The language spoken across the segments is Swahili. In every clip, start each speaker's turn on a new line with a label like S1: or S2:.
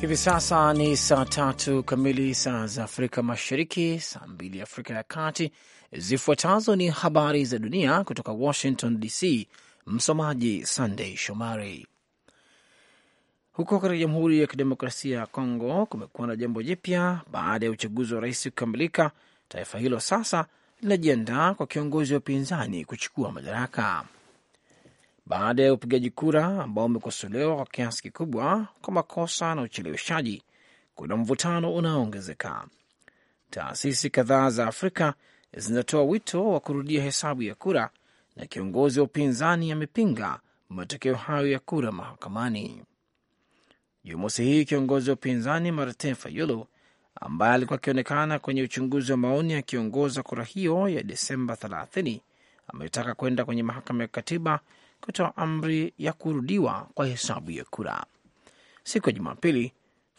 S1: Hivi sasa ni saa tatu kamili, saa za Afrika Mashariki, saa mbili Afrika ya Kati. Zifuatazo ni habari za dunia kutoka Washington DC. Msomaji Sandei Shomari. Huko katika Jamhuri ya Kidemokrasia ya Kongo kumekuwa na jambo jipya baada ya uchaguzi wa rais kukamilika. Taifa hilo sasa linajiandaa kwa kiongozi wa upinzani kuchukua madaraka baada ya upigaji kura ambao umekosolewa kwa kiasi kikubwa kwa makosa na ucheleweshaji, kuna mvutano unaoongezeka. Taasisi kadhaa za Afrika zinatoa wito wa kurudia hesabu ya kura na kiongozi wa upinzani amepinga matokeo hayo ya kura mahakamani. Jumamosi hii kiongozi wa upinzani Martin Fayulu ambaye alikuwa akionekana kwenye uchunguzi wa maoni akiongoza kura hiyo ya Desemba 30 ametaka kwenda kwenye mahakama ya katiba kutoa amri ya kurudiwa kwa hesabu ya kura. Siku ya Jumapili,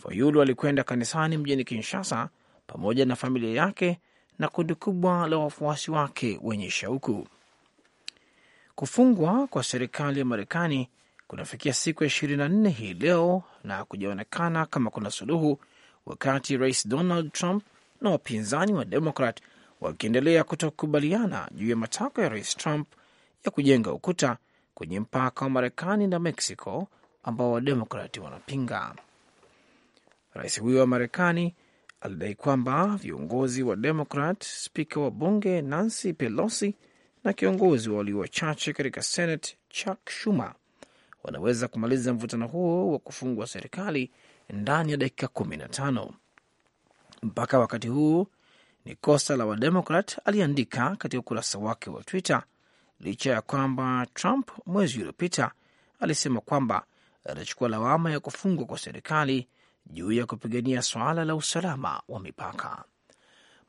S1: Fayulu alikwenda kanisani mjini Kinshasa pamoja na familia yake na kundi kubwa la wafuasi wake wenye shauku. Kufungwa kwa serikali ya Marekani kunafikia siku ya ishirini na nne hii leo na kujaonekana kama kuna suluhu, wakati rais Donald Trump na wapinzani wa Demokrat wakiendelea kutokubaliana juu ya matakwa ya rais Trump ya kujenga ukuta kwenye mpaka wa Marekani na Meksiko ambao Wademokrati wanapinga. Rais huyo wa Marekani alidai kwamba viongozi wa Demokrat, spika wa bunge Nancy Pelosi na kiongozi wa walio wachache katika Senate Chuck Schumer wanaweza kumaliza mvutano huo wa kufungwa serikali ndani ya dakika kumi na tano. Mpaka wakati huu ni kosa la Wademokrat, aliandika katika ukurasa wake wa Twitter licha ya kwamba Trump mwezi uliopita alisema kwamba atachukua lawama ya kufungwa kwa serikali juu ya kupigania swala la usalama wa mipaka.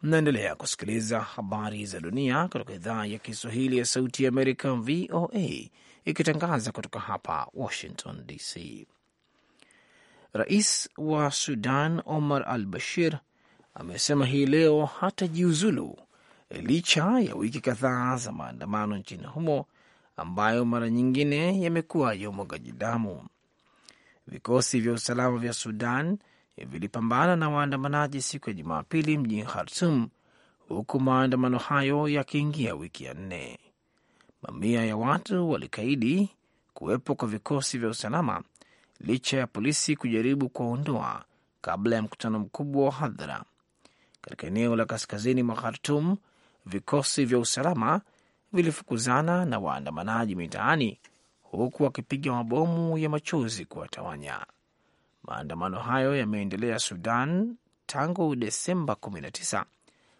S1: Mnaendelea kusikiliza habari za dunia kutoka idhaa ya Kiswahili ya Sauti ya Amerika, VOA, ikitangaza kutoka hapa Washington DC. Rais wa Sudan Omar al Bashir amesema hii leo hatajiuzulu licha ya wiki kadhaa za maandamano nchini humo ambayo mara nyingine yamekuwa ya umwagaji damu. Vikosi vya usalama vya Sudan vilipambana na waandamanaji siku ya Jumapili mjini Khartum, huku maandamano hayo yakiingia wiki ya nne. Mamia ya watu walikaidi kuwepo kwa vikosi vya usalama licha ya polisi kujaribu kuwaondoa kabla ya mkutano mkubwa wa hadhara katika eneo la kaskazini mwa Khartum vikosi vya usalama vilifukuzana na waandamanaji mitaani huku wakipiga mabomu ya machozi kuwatawanya. Maandamano hayo yameendelea Sudan tangu Desemba 19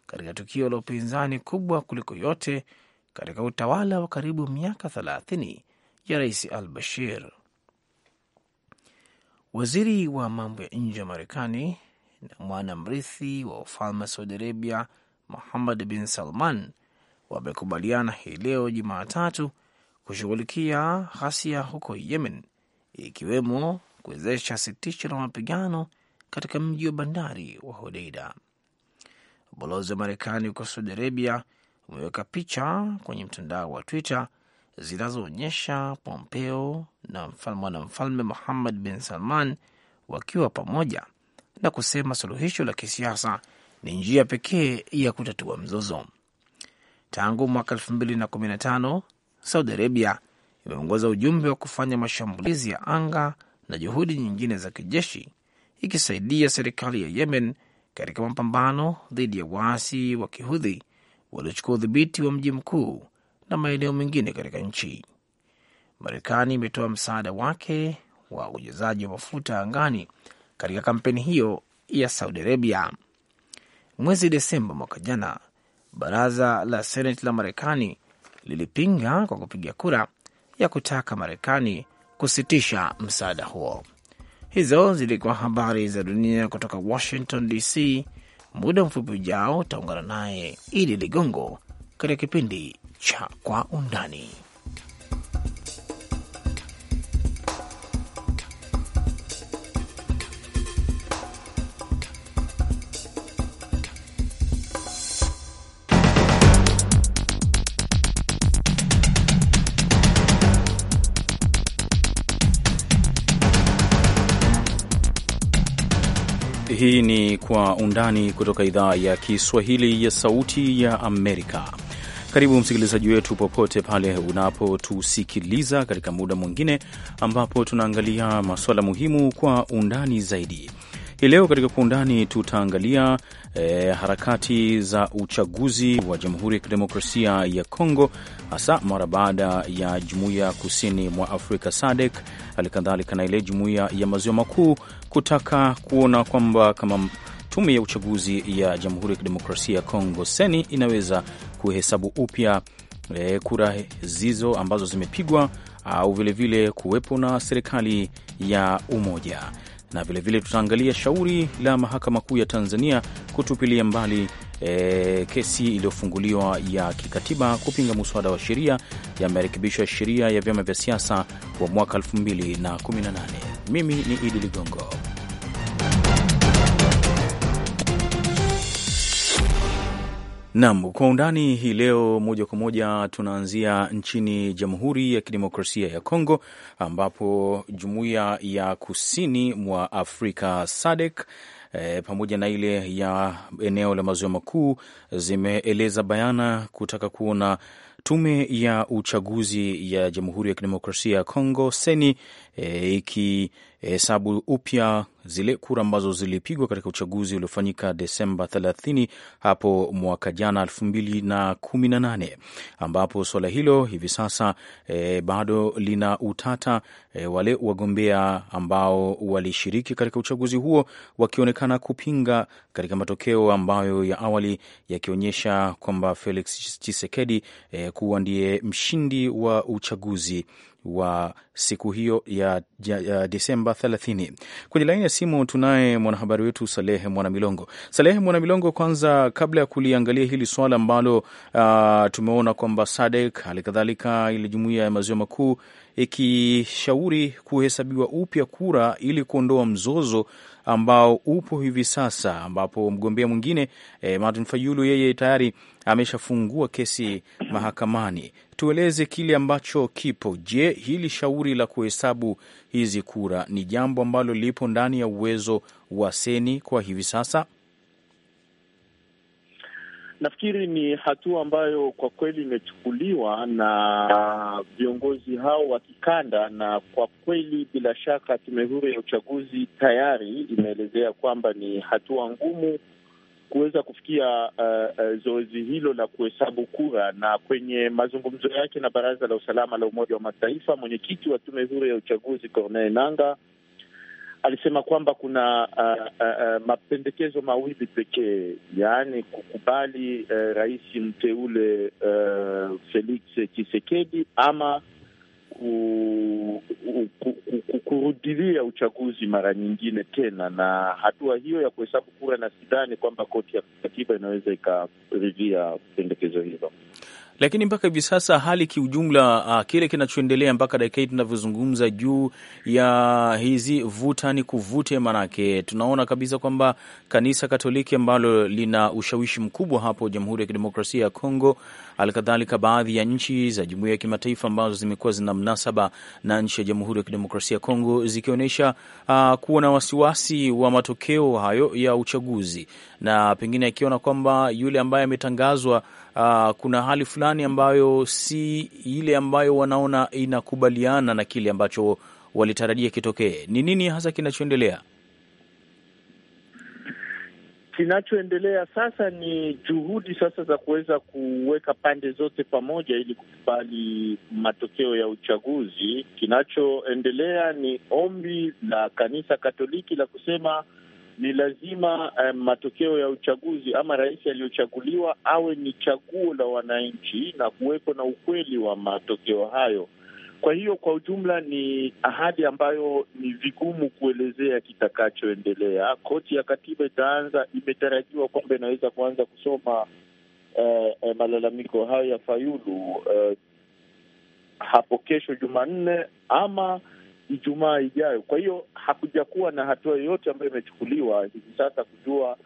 S1: katika tukio la upinzani kubwa kuliko yote katika utawala wa karibu miaka 30 ya Rais al Bashir. Waziri wa mambo ya nje wa Marekani na mwana mrithi wa ufalme wa Saudi Arabia Muhammad bin Salman wamekubaliana hii leo Jumatatu kushughulikia ghasia huko Yemen, ikiwemo kuwezesha sitisho la mapigano katika mji wa bandari wa Hodeida. Ubalozi wa Marekani huko Saudi Arabia umeweka picha kwenye mtandao wa Twitter zinazoonyesha Pompeo na mfalme Muhammad bin Salman wakiwa pamoja na kusema suluhisho la kisiasa ni njia pekee ya kutatua mzozo. Tangu mwaka 2015 Saudi Arabia imeongoza ujumbe wa kufanya mashambulizi ya anga na juhudi nyingine za kijeshi, ikisaidia serikali ya Yemen katika mapambano dhidi ya waasi wa kihudhi waliochukua udhibiti wa mji mkuu na maeneo mengine katika nchi. Marekani imetoa msaada wake wa ujazaji wa mafuta angani katika kampeni hiyo ya Saudi Arabia. Mwezi Desemba mwaka jana, baraza la Seneti la Marekani lilipinga kwa kupiga kura ya kutaka Marekani kusitisha msaada huo. Hizo zilikuwa habari za dunia kutoka Washington DC. Muda mfupi ujao utaungana naye Idi Ligongo katika kipindi cha Kwa Undani.
S2: Hii ni Kwa Undani kutoka idhaa ya Kiswahili ya Sauti ya Amerika. Karibu msikilizaji wetu popote pale unapotusikiliza katika muda mwingine ambapo tunaangalia masuala muhimu kwa undani zaidi. Hii leo katika Kwa Undani tutaangalia e, harakati za uchaguzi wa Jamhuri ya Kidemokrasia ya Kongo, hasa mara baada ya Jumuiya Kusini mwa Afrika SADC, halikadhalika na ile Jumuiya ya Maziwa Makuu kutaka kuona kwamba kama tume ya uchaguzi ya Jamhuri ya Kidemokrasia ya Kongo seni inaweza kuhesabu upya e, kura zizo ambazo zimepigwa au vilevile kuwepo na serikali ya umoja na vilevile tutaangalia shauri la mahakama kuu ya Tanzania kutupilia mbali e, kesi iliyofunguliwa ya kikatiba kupinga muswada wa sheria ya marekebisho ya sheria ya vyama vya siasa wa mwaka 2018. Mimi ni Idi Ligongo. Nam kwa undani hii leo, moja kwa moja tunaanzia nchini Jamhuri ya Kidemokrasia ya Kongo, ambapo jumuiya ya kusini mwa Afrika SADC e, pamoja na ile ya eneo la maziwa makuu zimeeleza bayana kutaka kuona tume ya uchaguzi ya Jamhuri ya Kidemokrasia ya Kongo seni e, ikihesabu upya zile kura ambazo zilipigwa katika uchaguzi uliofanyika Desemba 30 hapo mwaka jana 2018, ambapo suala hilo hivi sasa e, bado lina utata e, wale wagombea ambao walishiriki katika uchaguzi huo wakionekana kupinga katika matokeo ambayo ya awali yakionyesha kwamba Felix Tshisekedi e, kuwa ndiye mshindi wa uchaguzi wa siku hiyo ya, ya, ya Disemba 30. Kwenye laini ya simu tunaye mwanahabari wetu Salehe Mwanamilongo. Salehe Mwanamilongo, kwanza kabla ya kuliangalia hili swala ambalo uh, tumeona kwamba SADC hali kadhalika ile jumuiya ya maziwa makuu ikishauri kuhesabiwa upya kura ili kuondoa mzozo ambao upo hivi sasa, ambapo mgombea mwingine eh, Martin Fayulu yeye tayari ameshafungua kesi mahakamani. Tueleze kile ambacho kipo. Je, hili shauri la kuhesabu hizi kura ni jambo ambalo lipo ndani ya uwezo wa seni kwa hivi sasa?
S3: Nafikiri ni hatua ambayo kwa kweli imechukuliwa na viongozi hao wa kikanda, na kwa kweli bila shaka tume huru ya uchaguzi tayari imeelezea kwamba ni hatua ngumu kuweza kufikia uh, uh, zoezi hilo la kuhesabu kura. Na kwenye mazungumzo yake na baraza la usalama la Umoja wa Mataifa, mwenyekiti wa tume huru ya uchaguzi Corneille Nanga alisema kwamba kuna uh, uh, mapendekezo mawili pekee, yaani kukubali uh, rais mteule uh, Felix Tshisekedi ama kurudilia uchaguzi mara nyingine tena, na hatua hiyo ya kuhesabu kura, na sidhani kwamba koti ya katiba inaweza ikaridhia pendekezo hilo.
S2: Lakini mpaka hivi sasa hali kiujumla, uh, kile kinachoendelea mpaka dakika hii tunavyozungumza juu ya hizi vuta ni kuvute, manake tunaona kabisa kwamba kanisa Katoliki ambalo lina ushawishi mkubwa hapo Jamhuri ya Kidemokrasia ya Kongo, halikadhalika baadhi ya nchi za jumuiya ya kimataifa ambazo zimekuwa zina mnasaba na nchi ya Jamhuri ya Kidemokrasia ya Kongo zikionyesha uh, kuwa na wasiwasi wa matokeo hayo ya uchaguzi na pengine akiona kwamba yule ambaye ametangazwa uh, kuna hali fulani ambayo si ile ambayo wanaona inakubaliana na kile ambacho walitarajia kitokee. Ni nini hasa kinachoendelea?
S3: Kinachoendelea sasa ni juhudi sasa za kuweza kuweka pande zote pamoja ili kukubali matokeo ya uchaguzi. Kinachoendelea ni ombi la kanisa Katoliki la kusema ni lazima um, matokeo ya uchaguzi ama rais aliyochaguliwa awe ni chaguo la wananchi na kuwepo na ukweli wa matokeo hayo. Kwa hiyo kwa ujumla ni ahadi ambayo ni vigumu kuelezea kitakachoendelea. Koti ya katiba itaanza, imetarajiwa kwamba inaweza kuanza kusoma eh, eh, malalamiko hayo ya Fayulu eh, hapo kesho Jumanne ama Ijumaa ijayo. Kwa hiyo hakujakuwa na hatua yoyote ambayo imechukuliwa hivi sasa kujua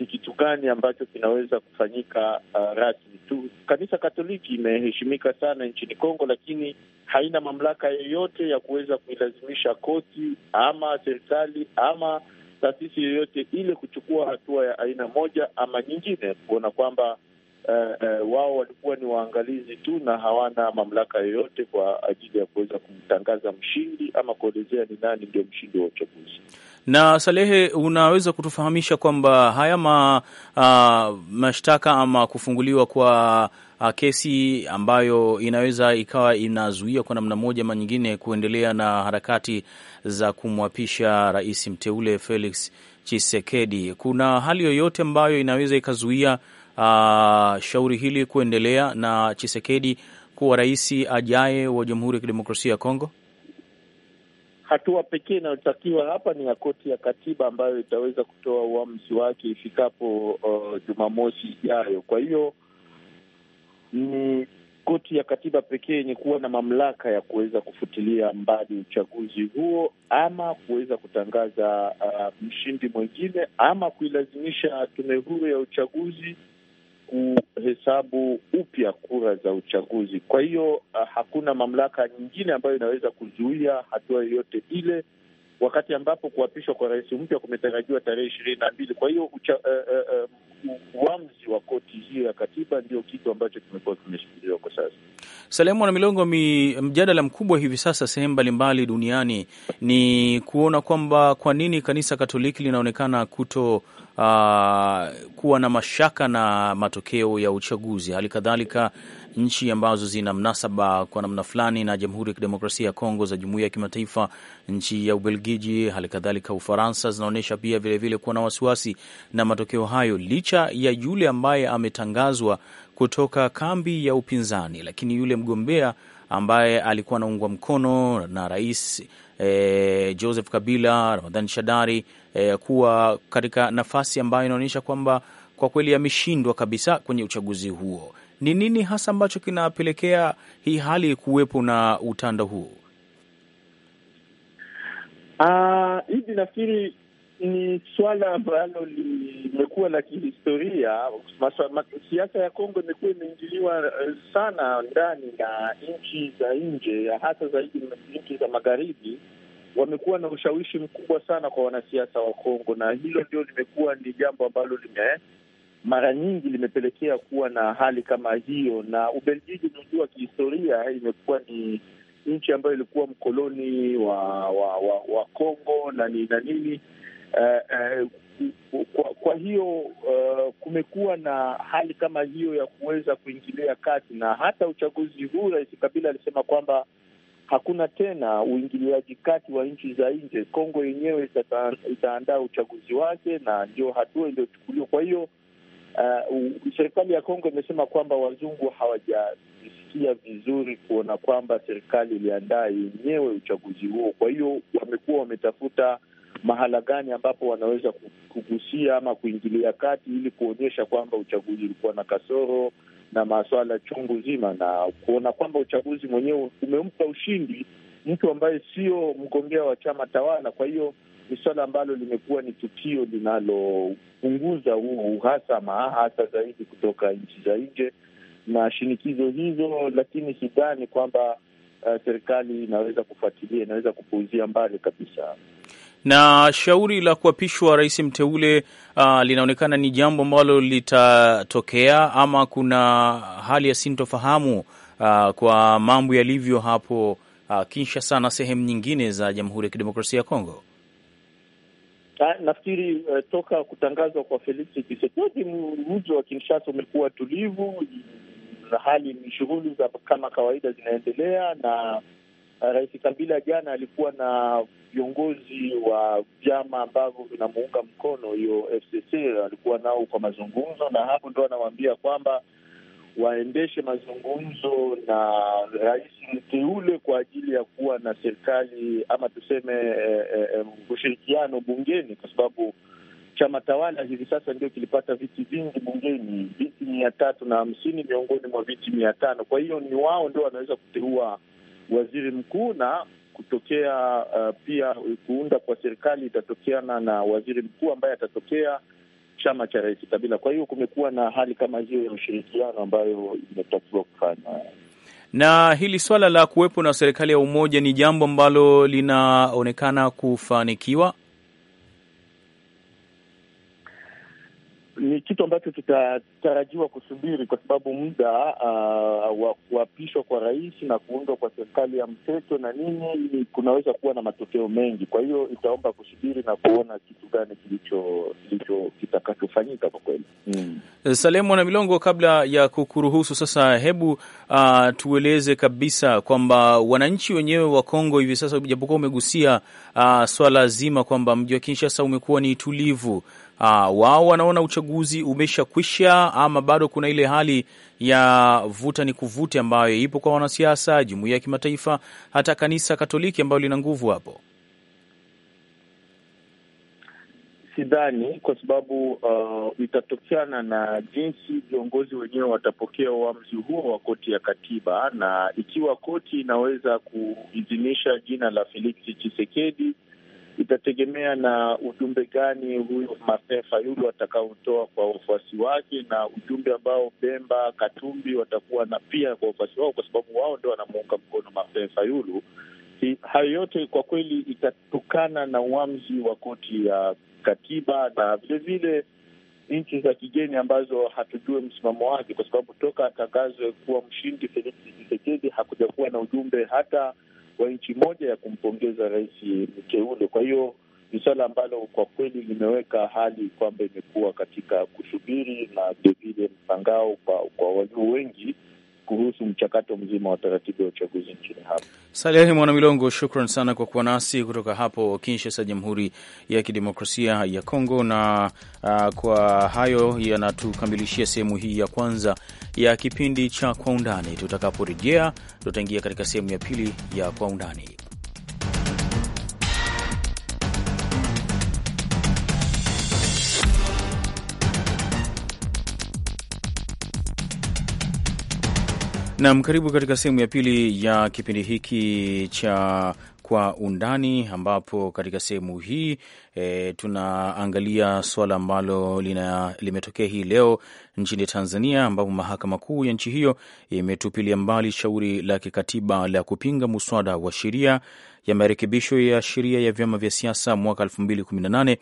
S3: ni kitu gani ambacho kinaweza kufanyika uh, rasmi tu. Kanisa Katoliki imeheshimika sana nchini Kongo, lakini haina mamlaka yoyote ya kuweza kuilazimisha koti ama serikali ama taasisi yoyote ile kuchukua hatua ya aina moja ama nyingine, kuona kwamba uh, uh, wao walikuwa ni waangalizi tu na hawana mamlaka yoyote kwa ajili ya kuweza kumtangaza mshindi ama kuelezea ni nani ndio mshindi wa uchaguzi.
S2: Na Salehe, unaweza kutufahamisha kwamba haya ma, uh, mashtaka ama kufunguliwa kwa uh, kesi ambayo inaweza ikawa inazuia kwa namna moja ama nyingine kuendelea na harakati za kumwapisha rais mteule Felix chisekedi kuna hali yoyote ambayo inaweza ikazuia uh, shauri hili kuendelea na Chisekedi kuwa rais ajaye wa Jamhuri ya Kidemokrasia ya Kongo?
S3: Hatua pekee inayotakiwa hapa ni ya koti ya katiba ambayo itaweza kutoa uamuzi wake ifikapo uh, Jumamosi ijayo. Kwa hiyo ni koti ya katiba pekee yenye kuwa na mamlaka ya kuweza kufutilia mbali uchaguzi huo ama kuweza kutangaza uh, mshindi mwingine ama kuilazimisha tume huru ya uchaguzi kuhesabu upya kura za uchaguzi. Kwa hiyo uh, hakuna mamlaka nyingine ambayo inaweza kuzuia hatua yoyote ile, wakati ambapo kuapishwa kwa rais mpya kumetarajiwa tarehe ishirini na mbili. Kwa hiyo ucha, uh, uh, uh, um, uamzi wa koti hiyo ya katiba ndio kitu ambacho kimekuwa kimeshikiliwa kwa sasa.
S2: Salamu na Milongo, mi mjadala mkubwa hivi sasa sehemu mbalimbali duniani ni kuona kwamba kwa nini kanisa Katoliki linaonekana kuto uh, kuwa na mashaka na matokeo ya uchaguzi. Hali kadhalika nchi ambazo zina mnasaba kwa namna fulani na Jamhuri ya Kidemokrasia ya Kongo za jumuiya ya kimataifa, nchi ya Ubelgiji, hali kadhalika Ufaransa, zinaonyesha pia vilevile kuwa na wasiwasi na matokeo hayo, licha ya yule ambaye ametangazwa kutoka kambi ya upinzani, lakini yule mgombea ambaye alikuwa anaungwa mkono na rais eh, Joseph Kabila, Ramadhani Shadari eh, kuwa katika nafasi ambayo inaonyesha kwamba kwa kweli ameshindwa kabisa kwenye uchaguzi huo. Ni nini hasa ambacho kinapelekea hii hali kuwepo na utanda huu?
S3: Uh, hivi nafikiri ni swala ambalo limekuwa la kihistoria. Siasa ya Kongo imekuwa imeingiliwa eh, sana ndani na nchi za nje, hasa zaidi nchi za magharibi wamekuwa na ushawishi mkubwa sana kwa wanasiasa wa Kongo, na hilo ndio limekuwa ni jambo ambalo lime mara nyingi limepelekea kuwa na hali kama hiyo. Na Ubelgiji ni kihistoria, imekuwa ni nchi ambayo ilikuwa mkoloni wa wa wa, wa Kongo na ni na nini Eh, eh, kwa, kwa hiyo uh, kumekuwa na hali kama hiyo ya kuweza kuingilia kati, na hata uchaguzi huu Rais Kabila alisema kwamba hakuna tena uingiliaji kati wa nchi za nje. Kongo yenyewe itaandaa uchaguzi wake, na ndio hatua iliyochukuliwa. Kwa hiyo uh, serikali ya Kongo imesema kwamba wazungu hawajajisikia vizuri kuona kwamba serikali iliandaa yenyewe uchaguzi huo. Kwa hiyo wamekuwa wametafuta mahala gani ambapo wanaweza kugusia ama kuingilia kati ili kuonyesha kwamba uchaguzi ulikuwa na kasoro na maswala chungu zima, na kuona kwamba uchaguzi mwenyewe umempa ushindi mtu ambaye sio mgombea wa chama tawala. Kwa hiyo ni swala ambalo limekuwa ni tukio linalopunguza huu uhasama, hasa zaidi kutoka nchi za nje na shinikizo hizo, lakini sidhani kwamba uh, serikali inaweza kufuatilia, inaweza kupuuzia mbali kabisa.
S2: Na shauri la kuapishwa rais mteule uh, linaonekana ni jambo ambalo litatokea ama kuna hali ya sintofahamu uh, kwa mambo yalivyo hapo uh, Kinshasa na sehemu nyingine za Jamhuri ya Kidemokrasia ya Kongo.
S3: Ah, nafikiri uh, toka kutangazwa kwa Felix Tshisekedi, mji wa Kinshasa umekuwa tulivu na hali shughuli za kama kawaida zinaendelea na Uh, rais Kabila jana alikuwa na viongozi wa vyama ambavyo vinamuunga mkono hiyo FCC, alikuwa nao kwa mazungumzo, na hapo ndo anawaambia kwamba waendeshe mazungumzo na rais mteule kwa ajili ya kuwa na serikali ama tuseme e, e, ushirikiano bungeni, kwa sababu chama tawala hivi sasa ndio kilipata viti vingi bungeni, viti mia tatu na hamsini miongoni mwa viti mia tano. Kwa hiyo ni wao ndio wanaweza kuteua waziri mkuu na kutokea uh, pia kuunda kwa serikali itatokeana na waziri mkuu ambaye atatokea chama cha rais Kabila. Kwa hiyo kumekuwa na hali kama hiyo ya ushirikiano ambayo imetakiwa kufanya,
S2: na hili swala la kuwepo na serikali ya umoja ni jambo ambalo linaonekana kufanikiwa
S3: kitu ambacho tutatarajiwa kusubiri kwa sababu muda uh, wa kuapishwa kwa rais na kuundwa kwa serikali ya mseto na nini kunaweza kuwa na matokeo mengi. Kwa hiyo itaomba kusubiri na kuona kitu gani kilicho kilicho kitakachofanyika kwa kweli. Mm.
S2: Eh, Salemu na Milongo, kabla ya kukuruhusu sasa, hebu uh, tueleze kabisa kwamba wananchi wenyewe wa Kongo hivi sasa, japokuwa umegusia uh, swala zima kwamba mji wa Kinshasa umekuwa ni tulivu Ah, wao wanaona uchaguzi umeshakwisha ama bado kuna ile hali ya vuta ni kuvute ambayo ipo kwa wanasiasa, jumuiya ya kimataifa, hata kanisa Katoliki ambayo lina nguvu hapo?
S3: Sidhani, kwa sababu uh, itatokana na jinsi viongozi wenyewe watapokea uamuzi huo wa koti ya katiba, na ikiwa koti inaweza kuidhinisha jina la Felix Tshisekedi itategemea na ujumbe gani huyo Masefa yule atakaotoa kwa wafuasi wake, na ujumbe ambao Bemba Katumbi watakuwa na pia kwa wafuasi wao, kwa sababu wao ndo wanamuunga mkono Masefa yulu. Hayo yote kwa kweli itatokana na uamuzi wa koti ya katiba na vilevile nchi za kigeni ambazo hatujue msimamo wake, kwa sababu toka atangazwe kuwa mshindi Felix Tshisekedi kuwa na ujumbe hata wa nchi moja ya kumpongeza rais mteule. Kwa hiyo ni suala ambalo kwa kweli limeweka hali kwamba imekuwa katika kusubiri na vilevile mpangao kwa, kwa walio wengi kuhusu mchakato mzima wa taratibu ya uchaguzi nchini hapa.
S2: Salehe Mwanamilongo, shukran sana kwa kuwa nasi kutoka hapo Kinshasa, Jamhuri ya Kidemokrasia ya Kongo. Na uh, kwa hayo yanatukamilishia sehemu hii ya kwanza ya kipindi cha Kwa Undani. Tutakaporejea tutaingia katika sehemu ya pili ya Kwa Undani. Nam, karibu katika sehemu ya pili ya kipindi hiki cha Kwa Undani, ambapo katika sehemu hii e, tunaangalia suala ambalo limetokea hii leo nchini Tanzania, ambapo mahakama kuu ya nchi hiyo imetupilia mbali shauri la kikatiba la kupinga muswada wa sheria ya marekebisho ya sheria ya vyama vya siasa mwaka 2018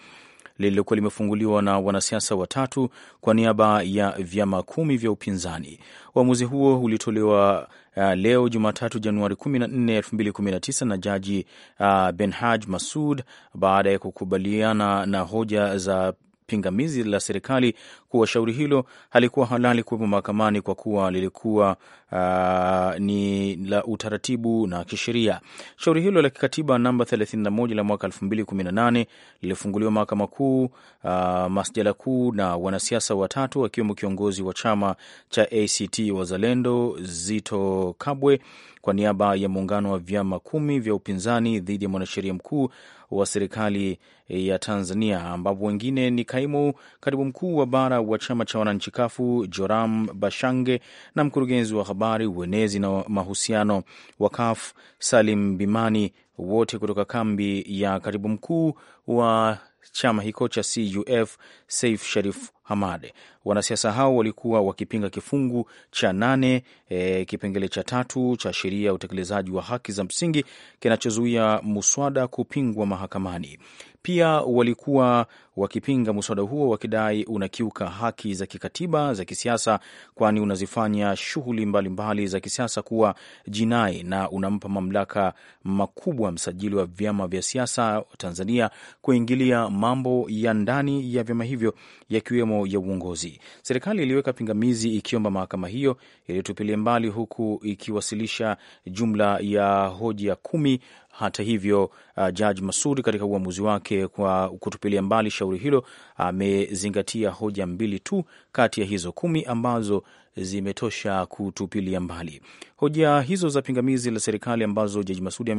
S2: lililokuwa limefunguliwa na wanasiasa watatu kwa niaba ya vyama kumi vya upinzani. Uamuzi huo ulitolewa Uh, leo Jumatatu Januari 14, 2019 na Jaji uh, Benhaj Masud baada ya kukubaliana na hoja za pingamizi la serikali kuwa shauri hilo halikuwa halali kuwepo mahakamani kwa kuwa lilikuwa uh, ni la utaratibu na kisheria. Shauri hilo la kikatiba namba 31 la mwaka 2018 lilifunguliwa mahakama kuu, uh, masjala kuu na wanasiasa watatu akiwemo kiongozi wa chama cha ACT Wazalendo Zito Kabwe kwa niaba ya muungano wa vyama kumi vya upinzani dhidi ya mwanasheria mkuu wa serikali ya Tanzania, ambapo wengine ni kaimu katibu mkuu wa bara wa chama cha wananchi Kafu Joram Bashange na mkurugenzi wa habari, uenezi na mahusiano wa Kafu Salim Bimani, wote kutoka kambi ya katibu mkuu wa chama hicho cha CUF Saif Sharif Hamad. Wanasiasa hao walikuwa wakipinga kifungu cha nane e, kipengele cha tatu cha sheria ya utekelezaji wa haki za msingi kinachozuia muswada kupingwa mahakamani. Pia walikuwa wakipinga muswada huo wakidai unakiuka haki za kikatiba za kisiasa, kwani unazifanya shughuli mbalimbali za kisiasa kuwa jinai na unampa mamlaka makubwa msajili wa vyama vya siasa Tanzania kuingilia mambo ya ndani ya vyama hivyo yakiwemo ya uongozi. Serikali iliweka pingamizi ikiomba mahakama hiyo ilitupilia mbali, huku ikiwasilisha jumla ya hoja kumi hata hivyo, uh, Jaji Masud katika uamuzi wake kwa kutupilia mbali shauri hilo amezingatia uh, hoja mbili tu kati ya hizo kumi ambazo zimetosha kutupilia mbali hoja hizo za pingamizi la serikali ambazo Jaji Masudi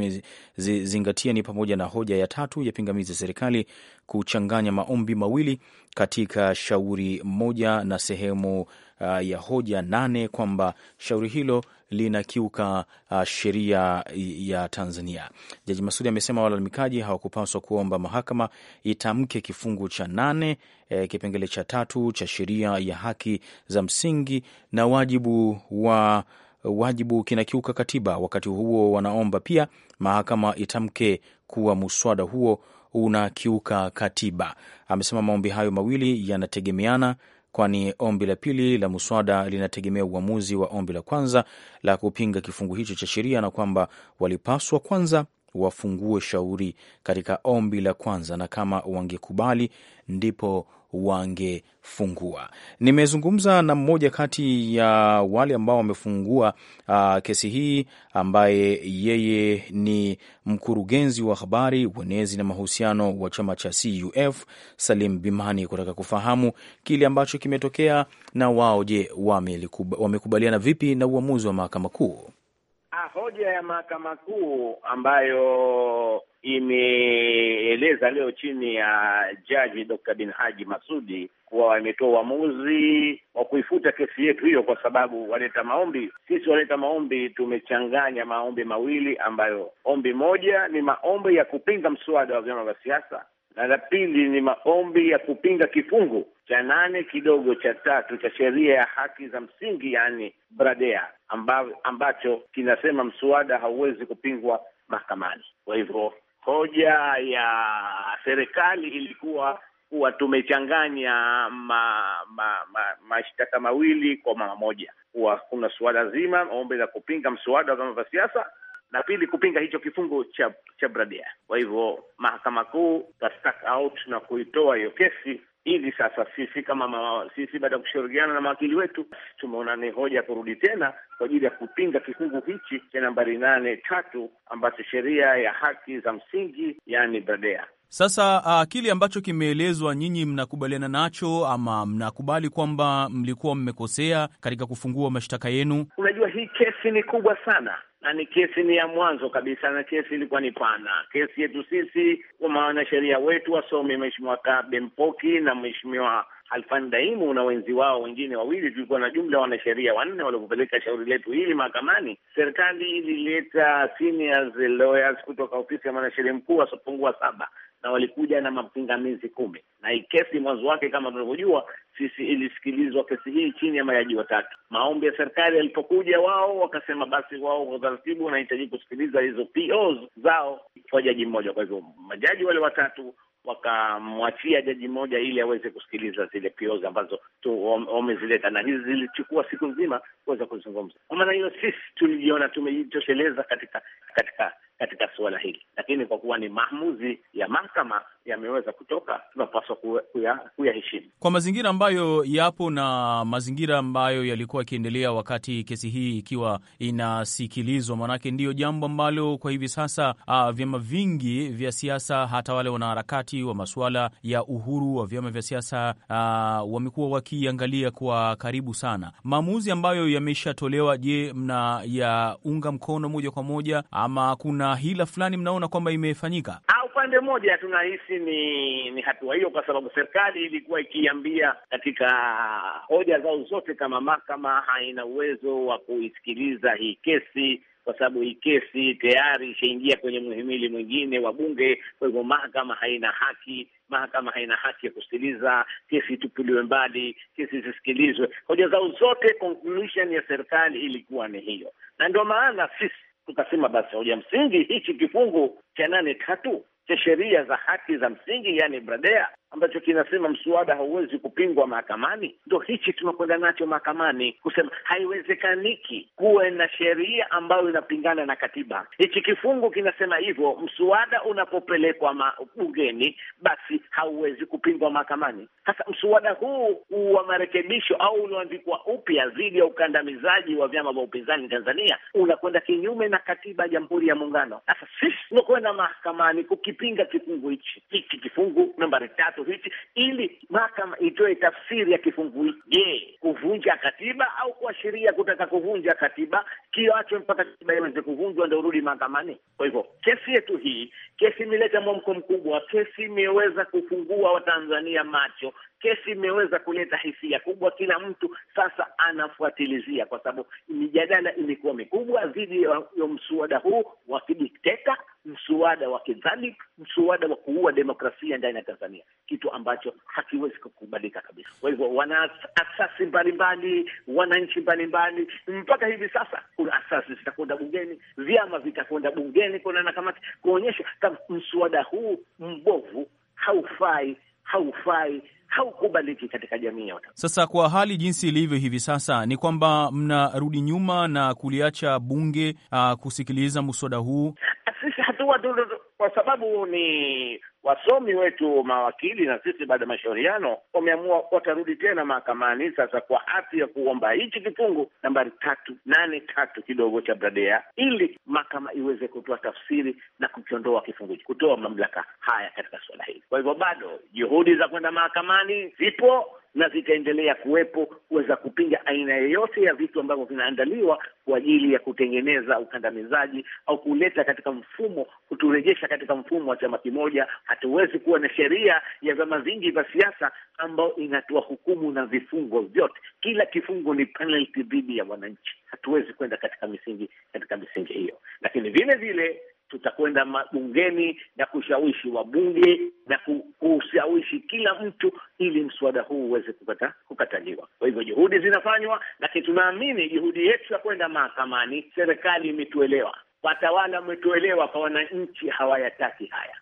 S2: amezingatia ni pamoja na hoja ya tatu ya pingamizi ya serikali kuchanganya maombi mawili katika shauri moja na sehemu uh, ya hoja nane kwamba shauri hilo linakiuka uh, sheria ya Tanzania. Jaji Masudi amesema walalamikaji hawakupaswa kuomba mahakama itamke kifungu cha nane e, kipengele cha tatu cha sheria ya haki za msingi na wajibu wa wajibu kinakiuka katiba. Wakati huo wanaomba pia mahakama itamke kuwa muswada huo unakiuka katiba. Amesema maombi hayo mawili yanategemeana kwani ombi la pili la muswada linategemea uamuzi wa ombi la kwanza la kupinga kifungu hicho cha sheria, na kwamba walipaswa kwanza wafungue shauri katika ombi la kwanza, na kama wangekubali ndipo wangefungua. Nimezungumza na mmoja kati ya wale ambao wamefungua uh, kesi hii ambaye yeye ni mkurugenzi wa habari, uenezi na mahusiano wa chama cha CUF Salim Bimani, kutaka kufahamu kile ambacho kimetokea na wao, je, wamekubaliana vipi na uamuzi wa mahakama kuu?
S4: hoja ya mahakama kuu ambayo imeeleza leo chini ya jaji Dr. Bin Haji Masudi kuwa wametoa uamuzi wa kuifuta kesi yetu hiyo, kwa sababu waleta maombi, sisi waleta maombi tumechanganya maombi mawili, ambayo ombi moja ni maombi ya kupinga mswada wa vyama vya siasa na la pili ni maombi ya kupinga kifungu cha nane kidogo cha tatu cha sheria ya haki za msingi, yani Bradea, amba, ambacho kinasema mswada hauwezi kupingwa mahakamani. Kwa hivyo hoja ya serikali ilikuwa kuwa tumechanganya mashtaka ma, ma, ma mawili kwa mama moja, kuwa kuna suala zima ombi la kupinga mswada wa vyama vya siasa na pili kupinga hicho kifungu cha cha Bradea. Kwa hivyo mahakama kuu ka out na kuitoa hiyo kesi hivi sasa sisi kama ma, sisi baada ya kushirikiana na mawakili wetu tumeona ni hoja ya kurudi tena kwa ajili ya kupinga kifungu hichi cha nambari nane tatu ambacho sheria ya haki za msingi yani BRDEA.
S2: Sasa uh, kile ambacho kimeelezwa, nyinyi mnakubaliana nacho ama mnakubali kwamba mlikuwa mmekosea katika kufungua mashtaka yenu?
S4: Unajua hii kesi ni kubwa sana na ni kesi ni ya mwanzo kabisa, na kesi ilikuwa ni pana. Kesi yetu sisi kwa maana sheria wetu wasomi, Mheshimiwa Kabe Mpoki na Mheshimiwa Alfandaimu na wenzi wao wengine wawili, tulikuwa na jumla wanasheria wanne waliopeleka shauri letu hili mahakamani. Serikali ilileta seniors lawyers kutoka ofisi ya mwanasheria mkuu wasiopungua saba na walikuja na mapingamizi kumi na hii kesi mwanzo wake kama tunavyojua sisi, ilisikilizwa kesi hii chini ya majaji watatu. Maombi ya serikali yalipokuja, wao wakasema basi wao kwa taratibu wanahitaji kusikiliza hizo POs zao kwa jaji mmoja. Kwa hivyo majaji wale watatu wakamwachia jaji mmoja ili aweze kusikiliza zile POs ambazo wamezileta, na hizi zilichukua siku nzima kuweza kuzungumza. Kwa maana hiyo, sisi tulijiona tumejitosheleza katika katika katika suala hili, lakini kwa kuwa ni maamuzi ya mahakama yameweza kutoka, tunapaswa kuyaheshimu
S2: kwa mazingira ambayo yapo na mazingira ambayo yalikuwa yakiendelea wakati kesi hii ikiwa inasikilizwa, maanake ndiyo jambo ambalo kwa hivi sasa uh, vyama vingi vya siasa hata wale wanaharakati wa masuala ya uhuru wa vyama vya siasa uh, wamekuwa wakiangalia kwa karibu sana maamuzi ambayo yameshatolewa. Je, mna yaunga mkono moja kwa moja ama kuna kuna hila fulani mnaona kwamba imefanyika?
S4: Ah, upande mmoja tunahisi ni ni hatua hiyo, kwa sababu serikali ilikuwa ikiambia katika hoja zao zote kama mahakama haina uwezo wa kuisikiliza hii kesi kwa sababu hii kesi tayari ishaingia kwenye mhimili mwingine wa Bunge. Kwa hivyo mahakama haina haki, mahakama haina haki ya kusikiliza kesi, itupiliwe mbali, kesi zisikilizwe. Hoja zao zote, conclusion ya serikali ilikuwa ni hiyo, na ndio maana sisi tukasema basi, hoja msingi hichi kifungu cha nane tatu cha sheria za haki za msingi, yani Bradea, ambacho kinasema mswada hauwezi kupingwa mahakamani, ndo hichi tunakwenda nacho mahakamani kusema haiwezekaniki kuwe na sheria ambayo inapingana na katiba. Hichi kifungu kinasema hivyo, mswada unapopelekwa bungeni, basi hauwezi kupingwa mahakamani. Sasa mswada huu wa marekebisho au ulioandikwa upya dhidi ya ukandamizaji wa vyama vya upinzani Tanzania unakwenda kinyume na katiba ya Jamhuri ya Muungano. Sasa sisi tunakwenda mahakamani kukipinga kifungu hichi, hichi kifungu nambari tatu kitu hichi ili mahakama itoe tafsiri ya kifungu hiki. Je, kuvunja katiba au kuashiria kutaka kuvunja katiba, kiachwe mpaka katiba iweze kuvunjwa ndio urudi mahakamani? Kwa hivyo kesi yetu hii, kesi imeleta mwamko mkubwa, kesi imeweza kufungua Watanzania macho, kesi imeweza kuleta hisia kubwa. Kila mtu sasa anafuatilizia, kwa sababu mijadala imekuwa mikubwa dhidi ya mswada huu wa kidikteta, mswada wa kidhalimu, mswada wa kuua demokrasia ndani ya Tanzania kitu ambacho hakiwezi kukubalika kabisa. Kwa hivyo wana asasi mbalimbali, wananchi mbalimbali, mpaka hivi sasa kuna asasi zitakwenda bungeni, vyama vitakwenda bungeni, kuna na kamati kuonyesha kama mswada huu mbovu haufai, haufai haukubaliki katika jamii yote.
S2: Sasa kwa hali jinsi ilivyo hivi sasa, ni kwamba mnarudi nyuma na kuliacha bunge uh, kusikiliza mswada huu.
S4: Sisi kwa sababu ni wasomi wetu mawakili na sisi, baada ya mashauriano, wameamua watarudi tena mahakamani sasa kwa hati ya kuomba hichi kifungu nambari tatu nane tatu kidogo cha Bradea ili mahakama iweze kutoa tafsiri na kukiondoa kifungu, kutoa mamlaka haya katika suala hili. Kwa hivyo bado juhudi za kwenda mahakamani zipo na zitaendelea kuwepo kuweza kupinga aina yeyote ya vitu ambavyo vinaandaliwa kwa ajili ya kutengeneza ukandamizaji au kuleta katika mfumo, kuturejesha katika mfumo wa chama kimoja hatuwezi kuwa na sheria ya vyama vingi vya siasa ambayo inatoa hukumu na vifungo vyote. Kila kifungo ni penalty dhidi ya wananchi. Hatuwezi kwenda katika misingi katika misingi hiyo, lakini vile vile tutakwenda mabungeni na kushawishi wabunge na kushawishi kila mtu ili mswada huu uweze kukata, kukataliwa. Kwa hivyo juhudi zinafanywa, lakini tunaamini juhudi yetu ya kwenda mahakamani, serikali imetuelewa, watawala wametuelewa, kwa wananchi hawayataki haya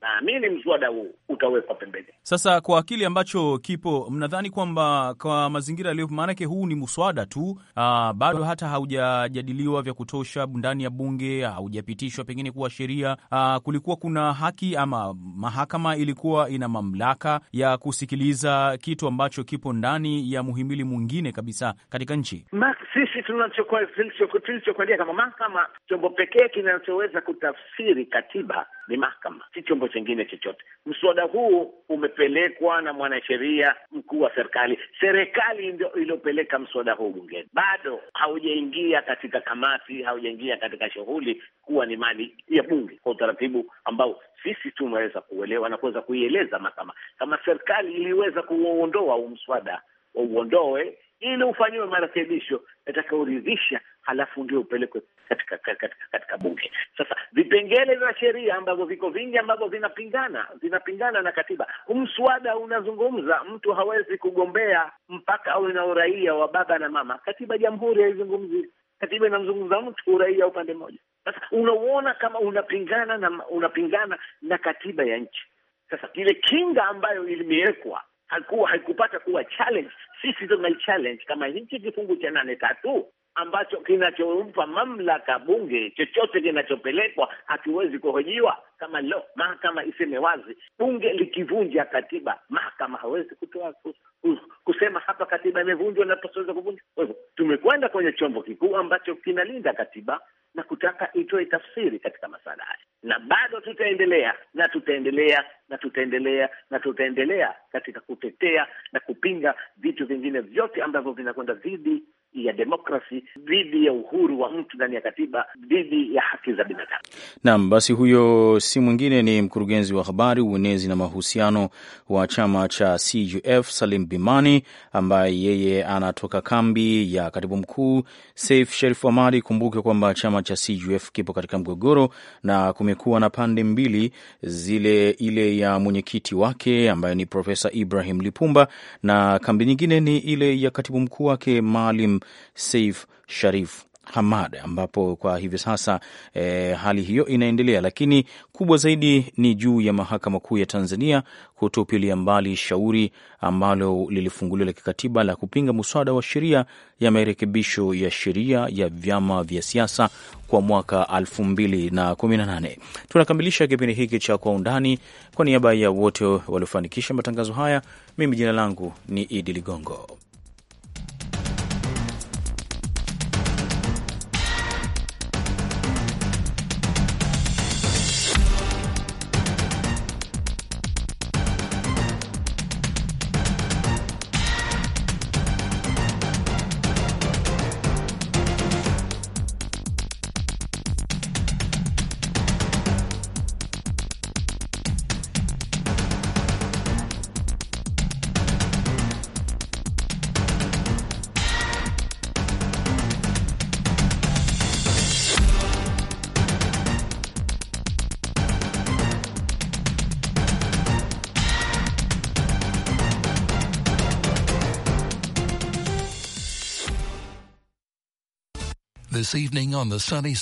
S4: naamini mswada huu utawekwa pembeni.
S2: Sasa kwa akili ambacho kipo, mnadhani kwamba kwa mazingira yaliyopo, maanake huu ni mswada tu, aa, ah, bado hata haujajadiliwa vya kutosha ndani ya bunge, haujapitishwa pengine kuwa sheria. Ah, kulikuwa kuna haki ama mahakama ilikuwa ina mamlaka ya kusikiliza kitu ambacho kipo ndani ya muhimili mwingine kabisa katika nchi
S4: Mark sisi tulichokuandia kama mahakama, chombo pekee kinachoweza kutafsiri katiba ni mahakama, si chombo chingine chochote. Mswada huu umepelekwa na mwanasheria mkuu wa serikali. Serikali ndio iliyopeleka mswada huu bungeni, bado haujaingia katika kamati, haujaingia katika shughuli kuwa ni mali ya bunge kwa utaratibu ambao sisi tumeweza kuelewa na kuweza kuieleza mahakama. Kama serikali iliweza kuuondoa huu mswada, wauondoe ili ufanyiwe marekebisho yatakayoridhisha, halafu ndio upelekwe katika, katika, katika bunge. Sasa vipengele vya sheria ambavyo viko vingi ambavyo vinapingana vinapingana na katiba. Mswada unazungumza mtu hawezi kugombea mpaka awe na uraia wa baba na mama. Katiba jamhuri haizungumzi katiba inamzungumza mtu uraia upande mmoja. Sasa unauona kama unapingana na unapingana na katiba ya nchi. Sasa ile kinga ambayo ilimewekwa haikuwa haikupata kuwa challenge. Sisi tuna challenge kama hichi kifungu cha nane tatu ambacho kinachompa mamlaka bunge, chochote kinachopelekwa hakiwezi kuhojiwa kama lo mahakama iseme wazi. Bunge likivunja katiba, mahakama hawezi kutoa kusema hapa katiba imevunjwa na pasoweza kuvunja. Kwa hivyo tumekwenda kwenye chombo kikuu ambacho kinalinda katiba na kutaka itoe tafsiri katika masala haya, na bado tutaendelea na tutaendelea na tutaendelea na tutaendelea katika kutetea na kupinga vitu vingine vyote ambavyo vinakwenda dhidi ya demokrasi, dhidi ya uhuru wa mtu ndani ya katiba, dhidi ya haki za binadamu.
S2: Naam, basi huyo si mwingine ni mkurugenzi wa habari, uenezi na mahusiano wa chama cha CUF Salim Bimani ambaye yeye anatoka kambi ya katibu mkuu Saif Sherif amari Kumbuke kwamba chama cha CUF kipo katika mgogoro na kumekuwa na pande mbili, zile ile ya mwenyekiti wake ambaye ni Profesa Ibrahim Lipumba na kambi nyingine ni ile ya katibu mkuu wake Maalim Saif Sharif Hamad, ambapo kwa hivi sasa e, hali hiyo inaendelea, lakini kubwa zaidi ni juu ya mahakama kuu ya Tanzania kutupilia mbali shauri ambalo lilifunguliwa la kikatiba la kupinga muswada wa sheria ya marekebisho ya sheria ya vyama vya siasa kwa mwaka 2018. Tunakamilisha kipindi hiki cha Kwa Undani. Kwa niaba ya wote waliofanikisha matangazo haya, mimi jina langu ni Idi Ligongo.
S1: evening on the sunny side.